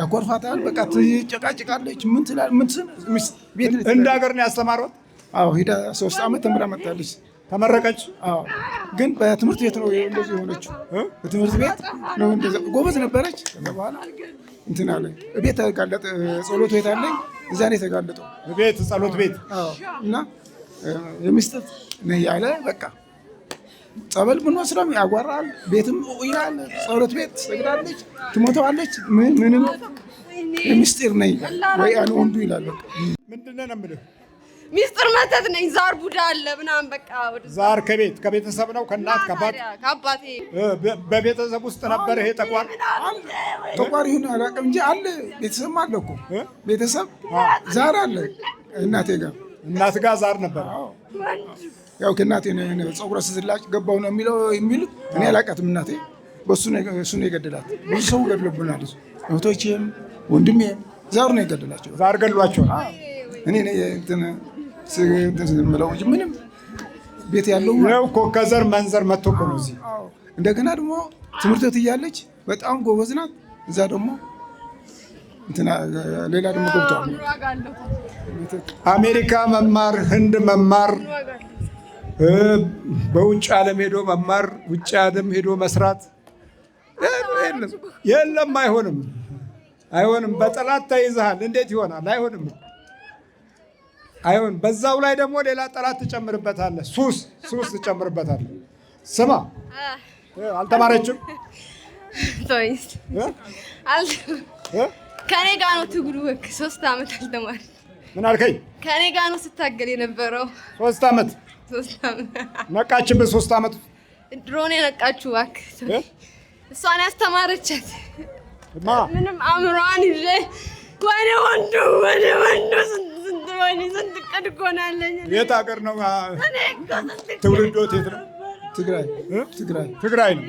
ያኮርፋታል። በቃ ትጨቃጭቃለች። ምን ትላል? ምን ቤት እንደ ሀገር ነው ያስተማሯት። አዎ ሂዳ ሶስት ዓመት ተምራ መጣለች። ተመረቀች። አዎ ግን በትምህርት ቤት ነው እንደዚህ የሆነችው። በትምህርት ቤት ነው እንደዚህ ጎበዝ ነበረች። ከዛ በኋላ እንትን አለ ቤት ተጋለጠ። ጸሎት ቤት አለኝ እዛ ነው የተጋለጠው። ቤት ጸሎት ቤት እና የሚስጥር ነህ ያለ በቃ ጸበል ብንወስደው ያጓራል። ቤትም ይላል ጸሎት ቤት ትሰግዳለች፣ ትሞተዋለች። ምንም ሚስጢር ነኝ ወይ አነ ወንዱ ይላል። ምንድነው ነው የምልህ ሚስጥር መተት ነኝ። ዛር ቡዳ አለ ምናምን በቃ ዛር ከቤት ከቤተሰብ ነው ከእናት ከአባት በቤተሰብ ውስጥ ነበር። ይሄ ተቋር ተቋር ይሁን አላውቅም እንጂ አለ ቤተሰብ አለ እኮ ቤተሰብ ዛር አለ። እናቴ ጋር እናት ጋር ዛር ነበር ያው ከእናቴ ፀጉረ ስላጭ ገባው ነው የሚለው የሚል እኔ አላውቃትም። እናቴ በሱ ነው የገደላት። ብዙ ሰው ገድሎብናል። እህቶቼም ወንድሜም ዛር ነው የገደላቸው። ዛር ገድሏቸው እኔ ምለው እንጂ ምንም ቤት ያለው እኮ ከዘር መንዘር መጥቶ እኮ ነው እዚህ። እንደገና ደግሞ ትምህርት ቤት እያለች በጣም ጎበዝ ናት። እዛ ደግሞ ሌላ ደግሞ ገብቷል። አሜሪካ መማር፣ ህንድ መማር በውጭ ዓለም ሄዶ መማር፣ ውጭ ዓለም ሄዶ መስራት የለም። አይሆንም፣ አይሆንም። በጠላት ተይዘሃል። እንዴት ይሆናል? አይሆንም፣ አይሆንም። በዛው ላይ ደግሞ ሌላ ጠላት ትጨምርበታለህ። ሱስ፣ ሱስ ትጨምርበታለህ። ስማ፣ አልተማረችም። ከኔ ጋር ነው ትግሉ። ሶስት ዓመት አልተማረች። ምን አልከኝ? ከኔ ጋር ነው ስታገል የነበረው ሶስት ዓመት ነቃችን በሶስት አመት ድሮን የነቃችሁ እባክህ። እሷን ያስተማረቻት ምንም አእምሯን ይዤ ወደ ወንዱ ወደ ወንዱ ስንት ወይኔ ስንት ቅድ ጎናለኝ። የት ሀገር ነው ትውልዶት? የት ነው? ትግራይ ትግራይ ትግራይ ነው።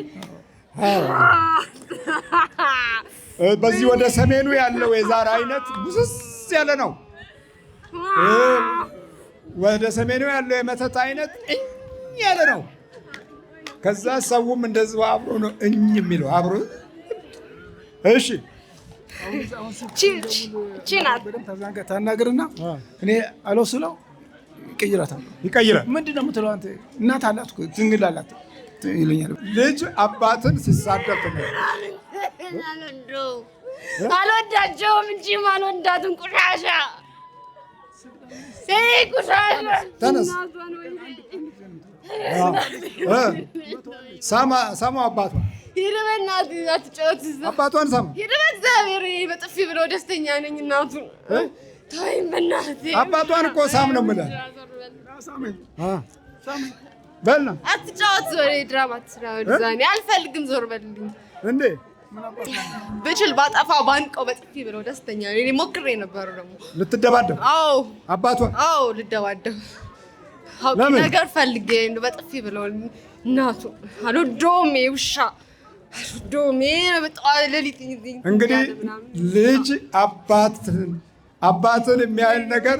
በዚህ ወደ ሰሜኑ ያለው የዛር አይነት ብስስ ያለ ነው። ወደ ሰሜኑ ያለው የመተት አይነት እኝ ያለ ነው። ከዛ ሰውም እንደዚህ አብሮ ነው እኝ የሚለው አብሮ። እሺ ታናግርና እኔ አለው ስለው ይቀይራታል። ይቀይራል ምንድን ነው የምትለው አንተ? እናት አላት ትንግል አላት ይለኛል። ልጅ አባትን ሲሳደብ አልወዳቸውም እንጂ አልወዳትም ሳማ አባቷ ይርበና አባቷን ሳማ ይርበ እግዚአብሔር በጥፊ ብለው ደስተኛ ነኝ። እናቱ ተወይም በእናትህ አባቷን እኮ ሳም ነው የምልህ። በል አትጫወት። ድራማ አልፈልግም። ዞር በልልኝ እንዴ ብችል ባጠፋ ባንቀው በጥፊ ብለው ደስተኛ እኔ ሞክሬ ነበሩ። ደግሞ ልትደባደብ? አዎ አባቷ? አዎ ልደባደብ ነገር ፈልጌ በጥፊ ብለው እናቱ አልወደውም ውሻ አልወደውም። ሌሊት እንግዲህ ልጅ አባትን አባትን የሚያህል ነገር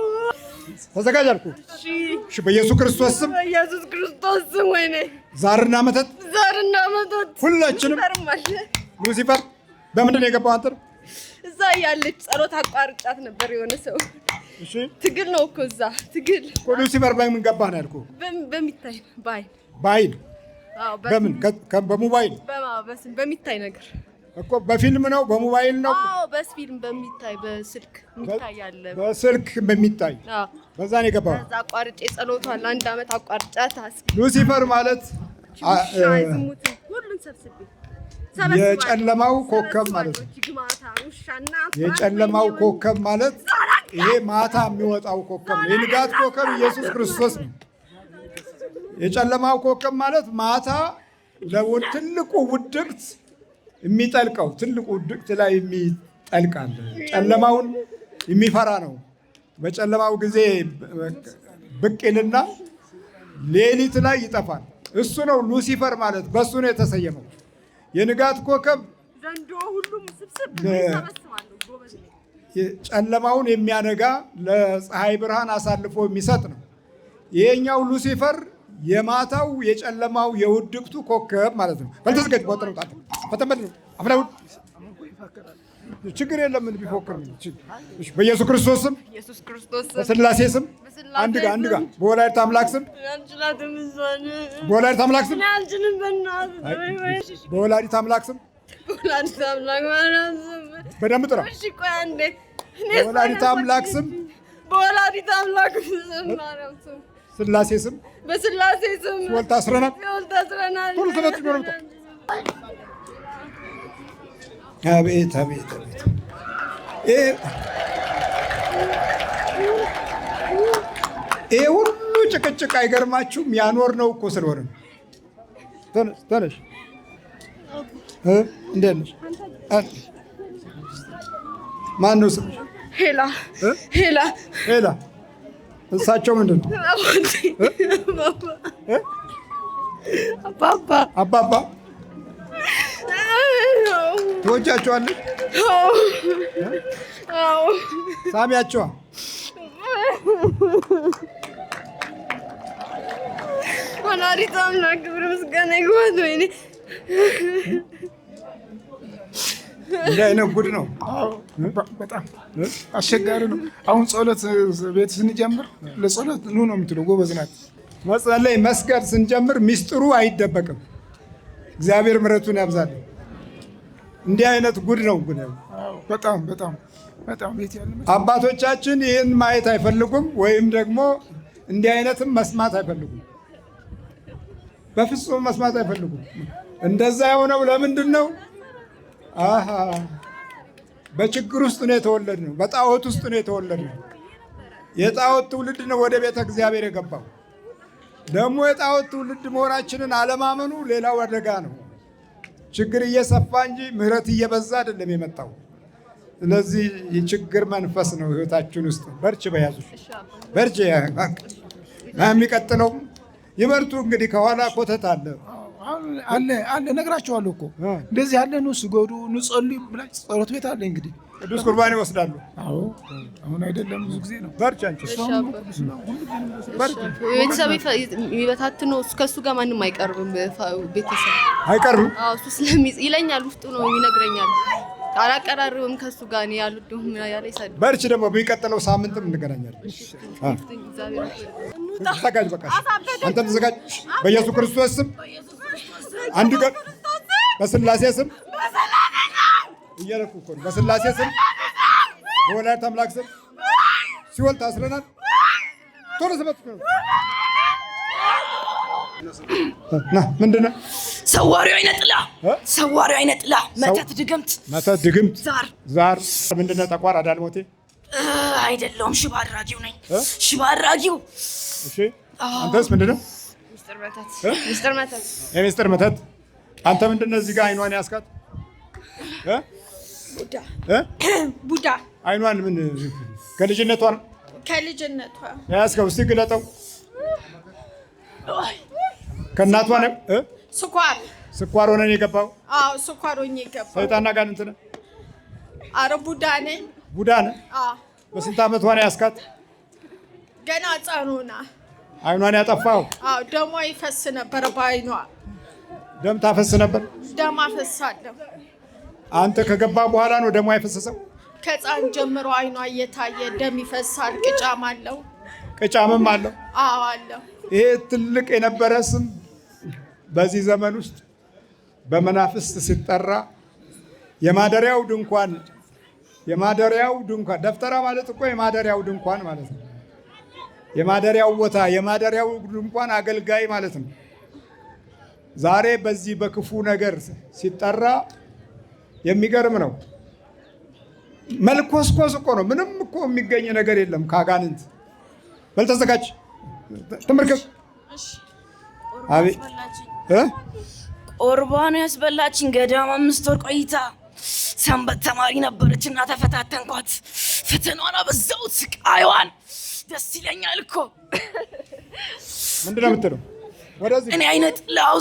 ተዘጋጅ አልኩ። እሺ፣ በኢየሱስ ክርስቶስ ስም በኢየሱስ ክርስቶስ ስም። ወይኔ ዛርና መተት ዛርና መተት ሁላችንም ሉሲፈር በምንድን ነው የገባው? አንተ እዛ ያለች ጸሎት አቋርጫት ነበር የሆነ ሰው። እሺ፣ ትግል ነው እኮ እዛ ትግል እኮ። ሉሲፈር በምን ገባህ ነው ያልኩህ? በሚታይ በአይን በአይን በምን በሞባይል በሚታይ ነገር እኮ በፊልም ነው በሞባይል ነው። አዎ በፊልም በሚታይ በስልክ የሚታይ አለ። በስልክ በሚታይ በዛ ነው የገባው። ከዛ አቋርጬ ጸሎቷን አንድ አመት አቋርጫት። ሉሲፈር ማለት የጨለማው ኮከብ ማለት ነው። የጨለማው ኮከብ ማለት ይሄ ማታ የሚወጣው ኮከብ ነው። የንጋት ኮከብ ኢየሱስ ክርስቶስ ነው። የጨለማው ኮከብ ማለት ማታ ለትልቁ ውድቅት የሚጠልቀው ትልቁ ድቅት ላይ የሚጠልቃል። ጨለማውን የሚፈራ ነው። በጨለማው ጊዜ ብቅ ይልና ሌሊት ላይ ይጠፋል። እሱ ነው ሉሲፈር ማለት በእሱ ነው የተሰየመው። የንጋት ኮከብ ጨለማውን የሚያነጋ ለፀሐይ ብርሃን አሳልፎ የሚሰጥ ነው። ይሄኛው ሉሲፈር የማታው የጨለማው የውድቅቱ ኮከብ ማለት ነው። በልተዘጋጅ ችግር የለም ምን ቢፎክር በኢየሱስ ክርስቶስ ስም በስላሴ ስም አንድ ጋር አንድ ጋር በወላዲተ አምላክ ስም በወላዲተ አምላክ ስም በወላዲተ አምላክ ስም በደንብ ጥራ በወላዲተ አምላክ ስም ስላሴ ስም በስላሴ ስም ወልታ አስረናል ወልታ አስረናል። ሁሉ ተመጥ ነው። አቤት አቤት አቤት! ይሄ ሁሉ ጭቅጭቅ አይገርማችሁም? ያኖር ነው እኮ ስለሆነ ተነሽ ተነሽ። እንዴት ነሽ? ማን ነው ስምሽ? ሄላ ሄላ ሄላ እሳቸው ምንድን ነው? አባባ አባባ ትወጃቸዋለች? ሳሚያቸዋ ወላዲተ አምላክ ክብር ምስጋና ይግባት። ወይኔ እንዲህ አይነት ጉድ ነው። በጣም አስቸጋሪ ነው። አሁን ጸሎት ቤት ስንጀምር ለጸሎት ኑ ነው የምትለው። ጎበዝ ናት። መጸለይ መስገድ ስንጀምር ሚስጥሩ አይደበቅም። እግዚአብሔር ምሕረቱን ያብዛል። እንዲህ አይነት ጉድ ነው። በጣም በጣም አባቶቻችን ይህን ማየት አይፈልጉም፣ ወይም ደግሞ እንዲህ አይነትም መስማት አይፈልጉም። በፍጹም መስማት አይፈልጉም። እንደዛ የሆነው ለምንድን ነው? በችግር ውስጥ ነው ነው። በጣዖት ውስጥ ነው የተወለድ ነው። የጣዖት ትውልድ ነው ወደ ቤተ እግዚአብሔር የገባው። ደግሞ የጣዖት ትውልድ መሆናችንን አለማመኑ ሌላው አደጋ ነው። ችግር እየሰፋ እንጂ ምሕረት እየበዛ አይደለም የመጣው። ስለዚህ የችግር መንፈስ ነው ህይወታችን ውስጥ። በርች በያዙ በርች የሚቀጥለው ይበርቱ። እንግዲህ ከኋላ ኮተት አለ። አለ አለ እነግራቸዋለሁ እኮ እንደዚህ ያለ ኑ ስገዱ ንጸልዩ ብላችሁ ጸሎት ቤት አለ እንግዲህ ቅዱስ ቁርባን ይወስዳሉ። አዎ አሁን አይደለም ብዙ ጊዜ ነው። ቤተሰብ የሚበታትነው ከእሱ ጋር ማንም አይቀርብም። ቤተሰብ አይቀርብም እሱ ስለሚጽ ይለኛል። ውስጡ ነው ይነግረኛል። አላቀራርብም ከእሱ ጋር እኔ ያሉት ያለ ይሳል። በርቺ ደግሞ በሚቀጥለው ሳምንትም እንገናኛለን። ተዘጋጅ፣ በቃ አንተም ተዘጋጅ። በኢየሱስ ክርስቶስ ስም አንድ ቀን በስላሴ ስም እየረኩ እኮ ነው። በስላሴ ስም በወላዲተ አምላክ ስም ሲወል ታስረናል። ቶሎ ስበት ምንድን ነው? ሰዋሪው አይነ ጥላ ሰዋሪው አይነ ጥላ መተት ድግምት መተት ድግምት ዛር ዛር ምንድን ነው? ጠቋር አዳልሞቴ አይደለሁም። ሽባ አድራጊው ነኝ። ሽባ አድራጊው። እሺ አንተስ ምንድን ነው? የሚስጥር መተት አንተ ምንድን ነው እዚህ ጋር አይኗን ያስካት? ቡዳ አይኗን ምን ከልጅነቷ ነው ከልጅነቷ ያስከው? እስቲ ግለጠው። ከእናቷ ነው። ስኳር ስኳር ሆነን ነው የገባው? አዎ ስኳር ሆነ የገባው። ሰይጣን ጋር እንትን አረ ቡዳ ነኝ። ቡዳ ነህ? አዎ። በስንት አመቷ ነው ያስካት? ገና ህጻን አይኗን ያጠፋው ደሟ ይፈስ ነበር በአይኗ ደም ታፈስ ነበር። ደም አፈሳለሁ። አንተ ከገባ በኋላ ነው ደሟ የፈሰሰው። ከጻን ጀምሮ አይኗ እየታየ ደም ይፈሳል። ቅጫም አለው። ቅጫምም አለው። አዎ አለው። ይሄ ትልቅ የነበረ ስም በዚህ ዘመን ውስጥ በመናፍስት ሲጠራ የማደሪያው ድንኳን የማደሪያው ድንኳን ደፍተራ ማለት እኮ የማደሪያው ድንኳን ማለት ነው። የማደሪያው ቦታ የማደሪያው ድንኳን አገልጋይ ማለት ነው። ዛሬ በዚህ በክፉ ነገር ሲጠራ የሚገርም ነው። መልኮስኮስ እኮ ነው። ምንም እኮ የሚገኝ ነገር የለም ከአጋንንት በልተዘጋጅ ተዘጋጅ። ትምርክብ ነው ያስበላችን ገዳም አምስት ወር ቆይታ ሰንበት ተማሪ ነበረች እና ተፈታተንኳት። ፈተናዋን አበዛሁት፣ ስቃይዋን ደስ ይለኛል እኮ ምንድን ነው የምትለው? እኔ አይነት ላው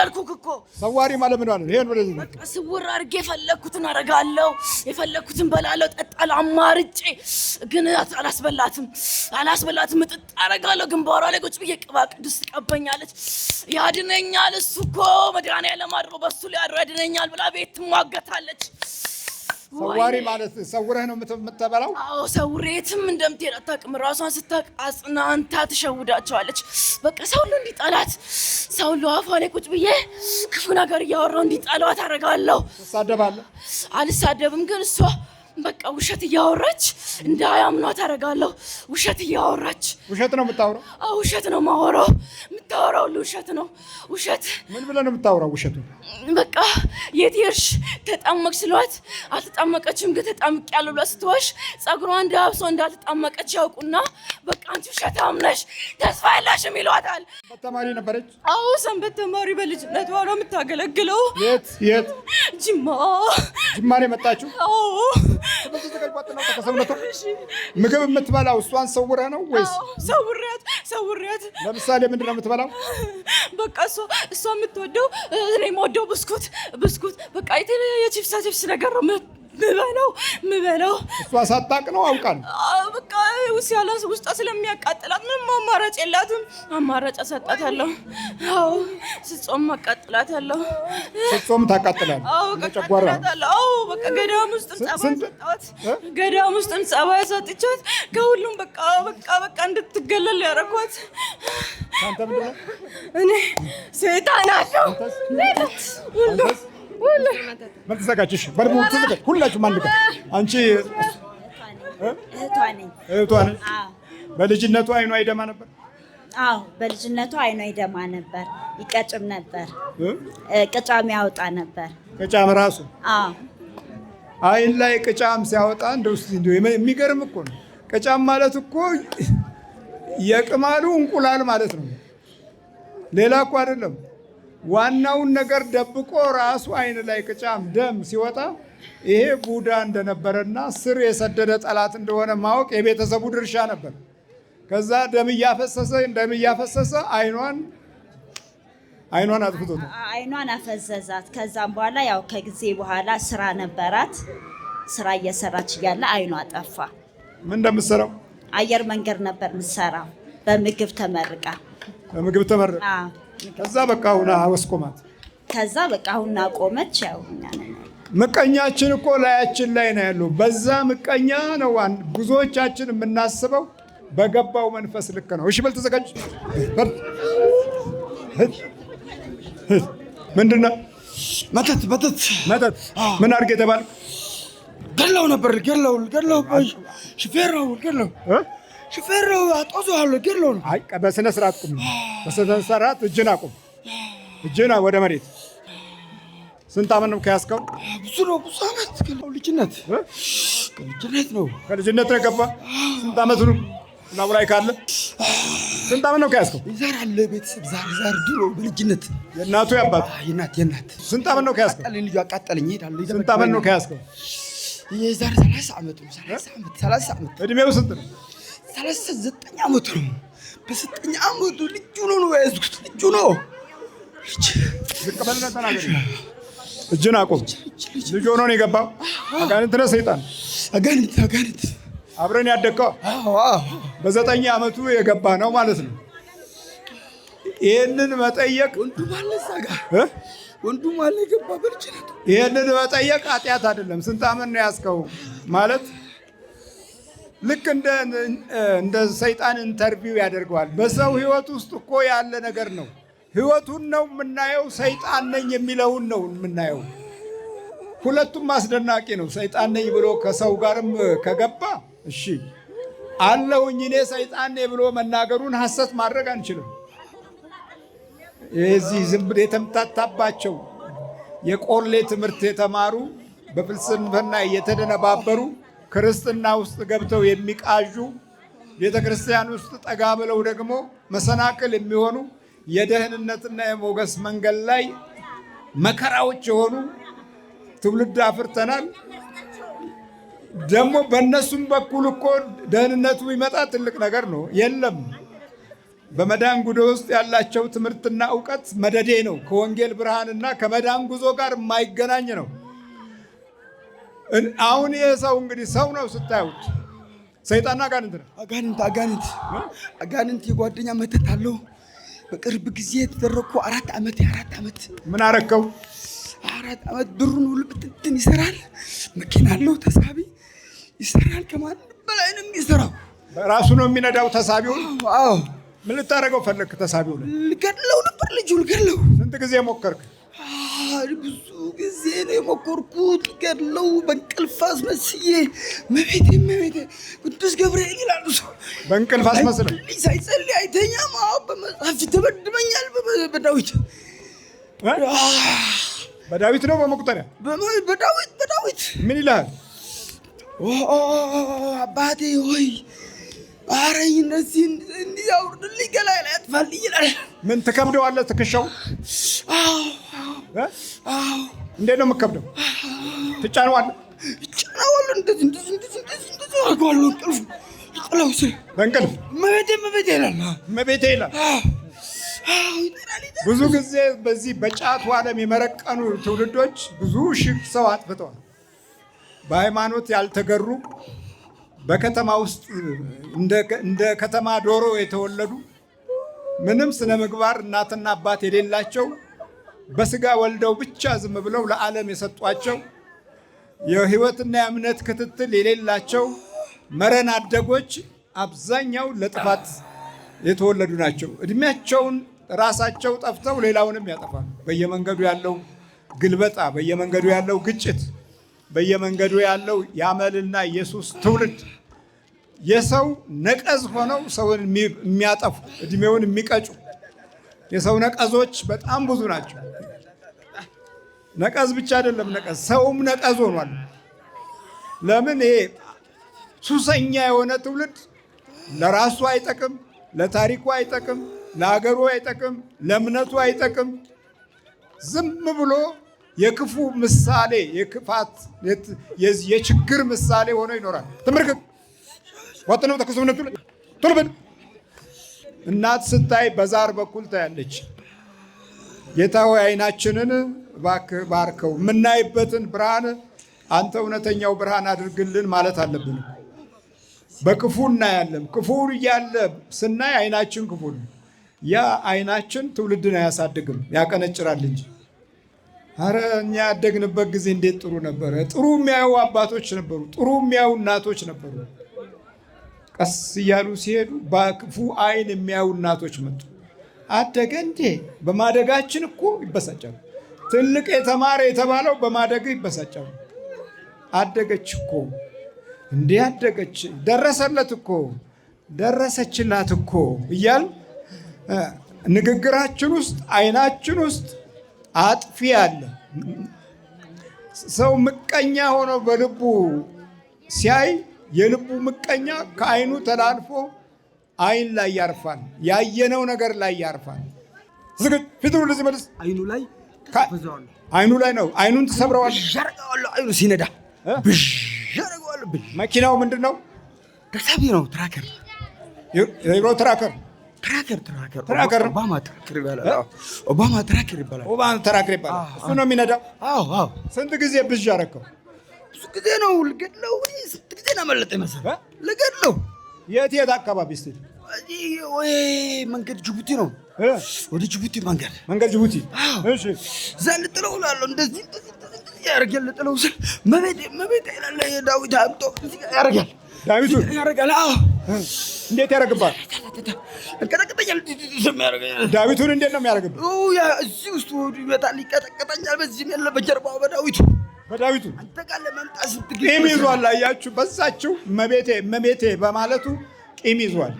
አልኩህ እኮ። ሰዋሪ ማለት ምን ማለት? ይሄን ወደዚህ በቃ ስውር አድርጌ የፈለግኩትን አደርጋለሁ፣ የፈለግኩትን በላለሁ፣ አማርጬ ግን አላስበላትም፣ አላስበላትም። ምጥጥ አደርጋለሁ፣ ግንባሯ ላይ ቁጭ ብዬ ቅባ ቅዱስ ትቀበኛለች። ያድነኛል እሱ እኮ መድኃኒዓለም አድሮ በሱ ያድነኛል ብላ ቤት ትሟገታለች። ሰዋሪ ማለት ሰውረህ ነው የምትበላው? አዎ ሰውሬ የትም እንደምትሄድ አታውቅም። ራሷን ስታውቅ አጽናንታ ትሸውዳቸዋለች። በቃ ሰው ሁሉ እንዲጣላት ሰው ሁሉ አፏ ላይ ቁጭ ብዬ ክፉ ነገር እያወራው እንዲጣሏት አደርጋለሁ። ትሳደባለህ? አልሳደብም፣ ግን እሷ በቃ ውሸት እያወራች እንዳያምኗት አደርጋለሁ። ውሸት እያወራች ውሸት ነው የምታወራው? አዎ ውሸት ነው የማወራው። የምታወራው ሁሉ ውሸት ነው። ውሸት ምን ብለህ ነው የምታወራው? ውሸቱ በቃ የት ሄድሽ ተጣመቅ ስሏት አልተጣመቀችም፣ ግን ተጣምቄያለሁ ብላ ስትዋሽ እንደ እንዳብሶ እንዳልተጣመቀች ያውቁና በቃ አንቺ ውሸታም ነሽ፣ ተስፋ የለሽም ይሏታል። ተማሪ ነበረች። አዎ ሰንበት ተማሪ በልጅነት ነው የምታገለግለው። የት የት? ጅማ ጅማ ነው የመጣችው። አዎ ምግብ የምትበላው እሷ ሰውነቷን ሰውረህ ነው ወይስ? ሰውሬያት ሰውሬያት። ለምሳሌ ምንድን ነው የምትበላው? በቃ እሷ እሷ የምትወደው እኔ የምወደው ብስኩት ብስኩት፣ በቃ የቺፕስ ቺፕስ ነገር ነው ምበለው ምበለው እሷ ሳታቅ ነው አውቃል። በቃ ውስጥ ውስጣ ስለሚያቃጥላት ምንም አማራጭ የላትም። አማራጭ አሳጣታለሁ። አዎ ስጾም አቃጥላታለሁ። ስጾም ታቃጥላል። አዎ ጨጓራታለሁ። በቃ ገዳም ውስጥ ጸባይ ገዳም ውስጥ ጸባይ አሳጥቻት ከሁሉም በቃ በቃ በቃ እንድትገለል ያረኳት እኔ ሴጣን አለው ሁሉ መልክ ዘጋችሽ። ሁላችሁም አንድ ቀን አንቺ እህቷ ነኝ። በልጅነቱ አይኗ ይደማ ነበር። አዎ በልጅነቱ አይኗ ይደማ ነበር። ይቀጭም ነበር። ቅጫም ያወጣ ነበር። ቅጫም ራሱ አይን ላይ ቅጫም ሲያወጣ እንደው የሚገርም እኮ ነው። ቅጫም ማለት እኮ የቅማሉ እንቁላል ማለት ነው። ሌላ እኮ አይደለም። ዋናውን ነገር ደብቆ ራሱ አይን ላይ ቅጫም ደም ሲወጣ ይሄ ቡዳ እንደነበረና ስር የሰደደ ጠላት እንደሆነ ማወቅ የቤተሰቡ ድርሻ ነበር። ከዛ ደም እያፈሰሰ ደም እያፈሰሰ አይኗን አይኗን አጥፍቶ አይኗን አፈዘዛት። ከዛም በኋላ ያው ከጊዜ በኋላ ስራ ነበራት። ስራ እየሰራች እያለ አይኗ ጠፋ። ምን እንደምትሰራው አየር መንገድ ነበር ምትሰራው። በምግብ ተመርቃ በምግብ ተመርቃ ከዛ በቃ ሁና አስቆማት። ከዛ በቃ ሁና አቆመች። ያው ምቀኛችን እኮ ላያችን ላይ ነው ያለው። በዛ ምቀኛ ነው ብዙዎቻችን የምናስበው። በገባው መንፈስ ልክ ነው። እሺ በል ተዘጋጅ። ምንድነ መተት መተት መተት ምን አድርግ የተባልክ ገለው ነበር ገለው ገለው ሹፌር ገለው ሽፈር አጦዘዋለሁ። ገድለው ነው። አይ በስነ ስርዓት ቁም፣ በስነ ስርዓት እጅን አቁም። እጅን ወደ መሬት። ስንት ዓመት ነው ከያዝከው? ብዙ ነው፣ ብዙ ዓመት ልጅነት፣ ልጅነት ነው። ከልጅነት ነው የገባ። ስንት ዓመት ነው? ላቡ ላይ ካለ ስንት ዓመት ነው ከያዝከው? ዛር አለ ቤተሰብ ዛር ዛር፣ ድሮ በልጅነት የእናቱ ያባት የእናት የእናት። ስንት ዓመት ነው ከያዝከው? ልጁ አቃጠለኝ። እሄዳለሁ። ስንት ዓመት ነው ከያዝከው? የዛሬ ሰላሳ ዓመት ነው። ሰላሳ ዓመት እድሜው ስንት ነው? ሰላሳ ዘጠኝ ዓመቱ ነው። በዘጠኝ ዓመቱ ልጁ ነው ነው ያዝኩት። ልጁ ነው። እጅን አቁም። ልጁ ሆኖ ነው የገባው። አጋንንት ነው ሰይጣን፣ አጋንንት አጋንንት አብረን ያደግከው በዘጠኝ ዓመቱ የገባ ነው ማለት ነው። ይህንን መጠየቅ ወንዱ ማለ ገባ። ይህንን መጠየቅ ኃጢአት አይደለም። ስንት ዓመት ነው ያዝከው ማለት ልክ እንደ ሰይጣን ኢንተርቪው ያደርገዋል። በሰው ህይወት ውስጥ እኮ ያለ ነገር ነው። ህይወቱን ነው የምናየው፣ ሰይጣን ነኝ የሚለውን ነው የምናየው። ሁለቱም አስደናቂ ነው። ሰይጣን ነኝ ብሎ ከሰው ጋርም ከገባ እሺ አለውኝ እኔ ሰይጣን ነኝ ብሎ መናገሩን ሐሰት ማድረግ አንችልም። የዚህ ዝም ብሎ የተምታታባቸው የቆሌ ትምህርት የተማሩ በፍልስፍና እየተደነባበሩ ክርስትና ውስጥ ገብተው የሚቃዡ ቤተ ክርስቲያን ውስጥ ጠጋ ብለው ደግሞ መሰናክል የሚሆኑ የደህንነትና የሞገስ መንገድ ላይ መከራዎች የሆኑ ትውልድ አፍርተናል። ደግሞ በእነሱም በኩል እኮ ደህንነቱ ይመጣ ትልቅ ነገር ነው። የለም በመዳን ጉዞ ውስጥ ያላቸው ትምህርትና እውቀት መደዴ ነው። ከወንጌል ብርሃንና ከመዳን ጉዞ ጋር የማይገናኝ ነው። አሁን ይሄ ሰው እንግዲህ ሰው ነው ስታዩት፣ ሰይጣን አጋንንት ነው። አጋንንት አጋንንት አጋንንት የጓደኛ መተት አለው። በቅርብ ጊዜ የተደረግኩ አራት ዓመት የአራት ዓመት ምን አረከው? አራት ዓመት ብሩን ሁሉ ብትንትን ይሰራል። መኪና አለው ተሳቢ ይሰራል። ከማንም በላይ ነው የሚሰራው። ራሱ ነው የሚነዳው ተሳቢውን። አዎ ምን ልታደርገው ፈለግክ? ተሳቢውን ልገድለው ነበር ልጁ ልገድለው። ስንት ጊዜ ሞከርክ? ብዙ ጊዜ ነው የመኮርኩት ገድለው በእንቅልፍ አስመስዬ መቤት መቤት ቅዱስ ገብርኤል ይላሉ ሰው በእንቅልፍ አስመስለ ሳይጸልይ አይተኛም። በመጽሐፍ ተበድመኛል። በዳዊት በዳዊት ነው በመቁጠሪያ በዳዊት በዳዊት ምን ይላል? አባቴ ሆይ አረኝ እነዚህ እንዲህ አውርድልኝ፣ ገላይ ላይ አጥፋልኝ ይላል። ምን ትከብደዋለህ? ትከሻው እንዴት ነው የምከብደው? ትጫነዋለህ? ብዙ ጊዜ በዚህ በጫቱ ዓለም የመረቀኑ ትውልዶች ብዙ ሺህ ሰው አጥፍተዋል። በሃይማኖት ያልተገሩ በከተማ ውስጥ እንደ ከተማ ዶሮ የተወለዱ ምንም ስነ ምግባር እናትና አባት የሌላቸው በስጋ ወልደው ብቻ ዝም ብለው ለዓለም የሰጧቸው የህይወትና የእምነት ክትትል የሌላቸው መረን አደጎች አብዛኛው ለጥፋት የተወለዱ ናቸው። እድሜያቸውን ራሳቸው ጠፍተው ሌላውንም ያጠፋል። በየመንገዱ ያለው ግልበጣ፣ በየመንገዱ ያለው ግጭት፣ በየመንገዱ ያለው የአመልና የሱስ ትውልድ የሰው ነቀዝ ሆነው ሰውን የሚያጠፉ እድሜውን የሚቀጩ የሰው ነቀዞች በጣም ብዙ ናቸው። ነቀዝ ብቻ አይደለም ነቀዝ፣ ሰውም ነቀዝ ሆኗል። ለምን ይሄ ሱሰኛ የሆነ ትውልድ ለራሱ አይጠቅም፣ ለታሪኩ አይጠቅም፣ ለአገሩ አይጠቅም፣ ለእምነቱ አይጠቅም። ዝም ብሎ የክፉ ምሳሌ የክፋት የችግር ምሳሌ ሆኖ ይኖራል። ትምርክክ ወጥነው ተከሰምነቱ እናት ስታይ በዛር በኩል ታያለች። ጌታዊ አይናችንን ባርከው የምናይበትን ብርሃን አንተ እውነተኛው ብርሃን አድርግልን ማለት አለብን። በክፉ እናያለን። ክፉ እያለ ስናይ አይናችን ክፉ ነው። ያ አይናችን ትውልድን አያሳድግም፣ ያቀነጭራል እንጂ። አረ እኛ ያደግንበት ጊዜ እንዴት ጥሩ ነበረ! ጥሩ የሚያዩ አባቶች ነበሩ፣ ጥሩ የሚያዩ እናቶች ነበሩ። ቀስ እያሉ ሲሄዱ በክፉ አይን የሚያዩ እናቶች መጡ። አደገ እንዴ? በማደጋችን እኮ ይበሳጫሉ። ትልቅ የተማረ የተባለው በማደግ ይበሳጫሉ። አደገች እኮ እንዴ? አደገች፣ ደረሰለት እኮ ደረሰችላት እኮ እያል ንግግራችን ውስጥ አይናችን ውስጥ አጥፊ አለ። ሰው ምቀኛ ሆኖ በልቡ ሲያይ የልቡ ምቀኛ ከአይኑ ተላልፎ አይን ላይ ያርፋል። ያየነው ነገር ላይ ያርፋል። ዝግት ፊቱ እንደዚህ መልስ አይኑ ላይ አይኑ ላይ ነው። አይኑን ትሰብረዋል። አይኑ ሲነዳ መኪናው ምንድን ነው? ተሳቢ ነው። ትራከር ሮ ትራከር ትራከር ትራከር ኦባማ ትራከር ይባላል። ኦባማ ኦባማ ትራከር ትራከር ይባላል። ይባላል። እሱ ነው የሚነዳው። ስንት ጊዜ ብዥ አደረከው? ብዙ ጊዜ ነው ልገድለው። ስንት ጊዜ ነው መለጠ መሰለህ? ልገድለው የት የት አካባቢ ስትል መንገድ ጅቡቲ ነው። ወደ ጅቡቲ መንገድ መንገድ ጅቡቲ እዛ ልጥለው እላለሁ። እንደዚህ ያደርጋል። ልጥለው ስል መቤት መቤት ይላል። ዳዊት አምጦ ያደርጋል። ዳዊቱ ያደርጋል። አዎ እንዴት ያደርግባል? እንቀጠቅጠኛል። ዳዊቱን እንዴት ነው የሚያደርግብህ? እዚህ ውስጥ ወዱ ይመጣል፣ ይቀጠቅጠኛል። በዚህም ያለ በጀርባው በዳዊቱ በዳዊቱ ቂም ይዟል። አያችሁ፣ በዛችሁ መቤቴ መቤቴ በማለቱ ቂም ይዟል።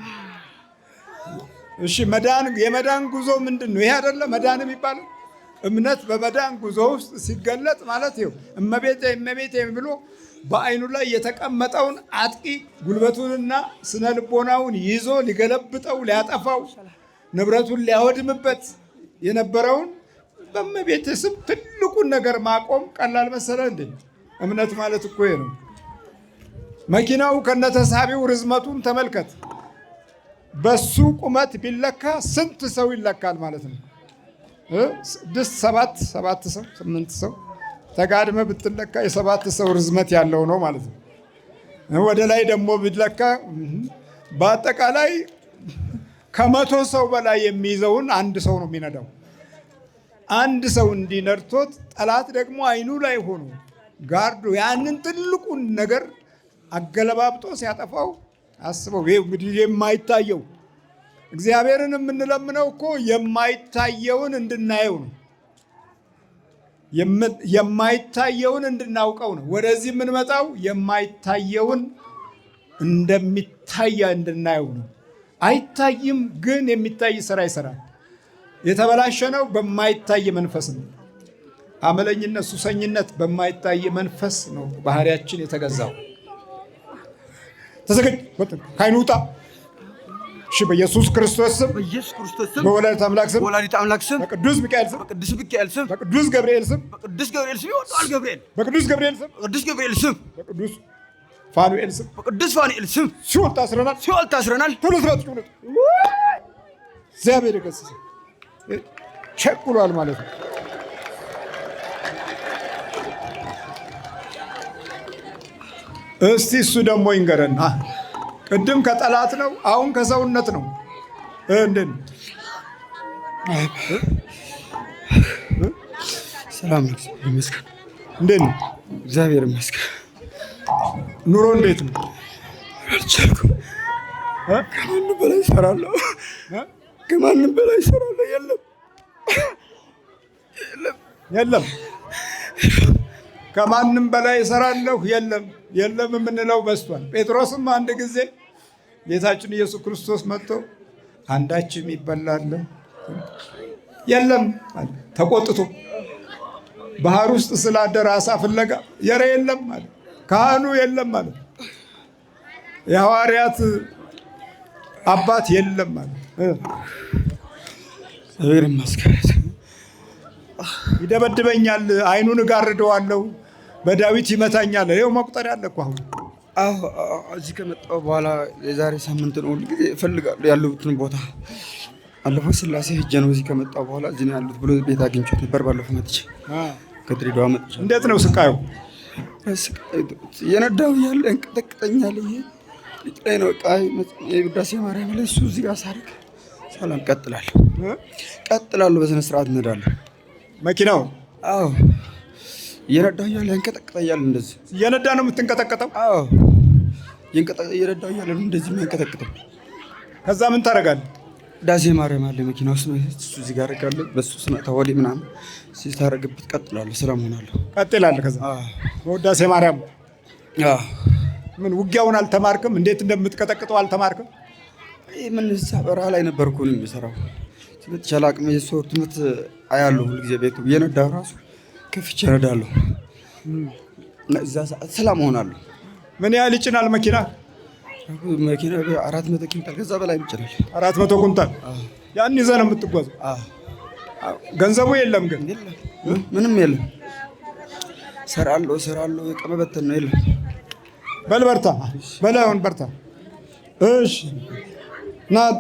እሺ መዳን የመዳን ጉዞ ምንድን ነው? ይሄ አይደለ መዳን የሚባለው? እምነት በመዳን ጉዞ ውስጥ ሲገለጥ ማለት ይኸው እመቤቴ እመቤቴ ብሎ በአይኑ ላይ የተቀመጠውን አጥቂ ጉልበቱንና ስነ ልቦናውን ይዞ ሊገለብጠው፣ ሊያጠፋው፣ ንብረቱን ሊያወድምበት የነበረውን በእመቤት ስም ትልቁን ነገር ማቆም ቀላል መሰለ እንዴ? እምነት ማለት እኮ ነው። መኪናው ከነተሳቢው ርዝመቱን ተመልከት። በሱ ቁመት ቢለካ ስንት ሰው ይለካል ማለት ነው? ስድስት ሰባት ሰባት ሰው ስምንት ሰው ተጋድመ ብትለካ የሰባት ሰው ርዝመት ያለው ነው ማለት ነው። ወደ ላይ ደግሞ ቢለካ በአጠቃላይ ከመቶ ሰው በላይ የሚይዘውን አንድ ሰው ነው የሚነዳው። አንድ ሰው እንዲነድቶት ጠላት ደግሞ አይኑ ላይ ሆኖ ጋርዶ ያንን ትልቁን ነገር አገለባብጦ ሲያጠፋው አስበው። እንግዲህ የማይታየው እግዚአብሔርን የምንለምነው እኮ የማይታየውን እንድናየው ነው። የማይታየውን እንድናውቀው ነው። ወደዚህ የምንመጣው የማይታየውን እንደሚታይ እንድናየው ነው። አይታይም፣ ግን የሚታይ ስራ ይሰራል። የተበላሸ ነው በማይታይ መንፈስ ነው። አመለኝነት፣ ሱሰኝነት በማይታይ መንፈስ ነው ባህሪያችን የተገዛው። ተዘጋጅ፣ ከአይኑ ውጣ። እሺ፣ በኢየሱስ ክርስቶስ ስም፣ በኢየሱስ ክርስቶስ ስም፣ በወላዲተ አምላክ ስም፣ በወላዲተ አምላክ ስም፣ በቅዱስ ሚካኤል ስም፣ በቅዱስ ሚካኤል ስም፣ በቅዱስ ገብርኤል ስም፣ በቅዱስ ገብርኤል ስም፣ ይወጣል ገብርኤል፣ በቅዱስ ገብርኤል ስም፣ በቅዱስ ገብርኤል ስም፣ በቅዱስ ፋኑኤል ስም፣ በቅዱስ ፋኑኤል ስም፣ ሲወል ታስረናል፣ ሲወል ታስረናል። ቶሎ ስራት ጭቁነት እግዚአብሔር የገሰሰ ቸኩሏል ማለት ነው። እስቲ እሱ ደግሞ ይንገረን። ቅድም ከጠላት ነው፣ አሁን ከሰውነት ነው። እንድን ሰላም ነው? እንድን እግዚአብሔር ይመስገን። ኑሮ እንዴት ነው? አልቻልኩም። ከማንም በላይ እሰራለሁ፣ ከማንም በላይ እሰራለሁ። የለም የለም፣ ከማንም በላይ እሰራለሁ። የለም የለም የምንለው በስቷል። ጴጥሮስም አንድ ጊዜ ጌታችን ኢየሱስ ክርስቶስ መጥቶ አንዳች የሚበላለ የለም ተቆጥቶ ባህር ውስጥ ስላደረ አሳ ፍለጋ የረ የለም ማለት ካህኑ የለም ማለት የሐዋርያት አባት የለም ማለት ይደበድበኛል፣ አይኑን እጋርደዋለሁ በዳዊት ይመታኛል። ይኸው መቁጠሪያ አለ እኮ አሁን እዚህ ከመጣሁ በኋላ የዛሬ ሳምንት ነው። ሁልጊዜ እፈልጋለሁ ያለሁትን ቦታ አለፈው ስላሴ ሂጅ ነው። እዚህ ከመጣሁ በኋላ እዚህ ነው ያሉት ብሎ ቤት አግኝቼት ነበር። ባለፈው መጥቼ ከድሬዳዋ መጥቼ እንዴት ነው ስቃዩ? የነዳው እያለ እንቅጠቅጠኛል። ሊጥ ላይ ነው ቃ የቅዳሴ ማርያም ላይ እሱ እዚህ ጋር ሳርግ ሰላም ቀጥላለሁ፣ ቀጥላለሁ። በስነ ስርዓት እንሄዳለን መኪናው አዎ እየነዳ እያለ ያንቀጠቅጠ እያለ እንደዚህ እየነዳ ነው የምትንቀጠቀጠው? አዎ እየነዳ እያለ ነው እንደዚህ የሚያንቀጠቅጠው። ከዛ ምን ታደርጋለህ? ዳሴ ማርያም አለ መኪና ውስጥ እሱ እዚህ ጋር አደርጋለሁ። በሱ ስመጣ ወሌ ምናምን ሲታረግበት ቀጥላለ ሰላም ሆናለሁ፣ ቀጥላለ። ከዛ ዳሴ ማርያም ምን ውጊያውን አልተማርክም? እንዴት እንደምትቀጠቅጠው አልተማርክም? ምን እዛ በረሃ ላይ ነበርኩ ነው የሚሰራው። ትምህርት ቻላቅመ የሰው ትምህርት አያለሁ ሁልጊዜ ቤቱ እየነዳ ራሱ ከፍቼ እረዳለሁ። እዛ ሰዓት ሰላም እሆናለሁ። ምን ያህል ይጭናል መኪና? መኪና አራት መቶ ኩንታል ከዛ በላይ ይጭናል። አራት መቶ ኩንታል ያን ይዘህ ነው የምትጓዘው? ገንዘቡ የለም ግን ምንም የለም። ሰራለሁ ሰራለሁ ቀመበትን ነው የለም። በል በርታ፣ በል በርታ። እሺ ናት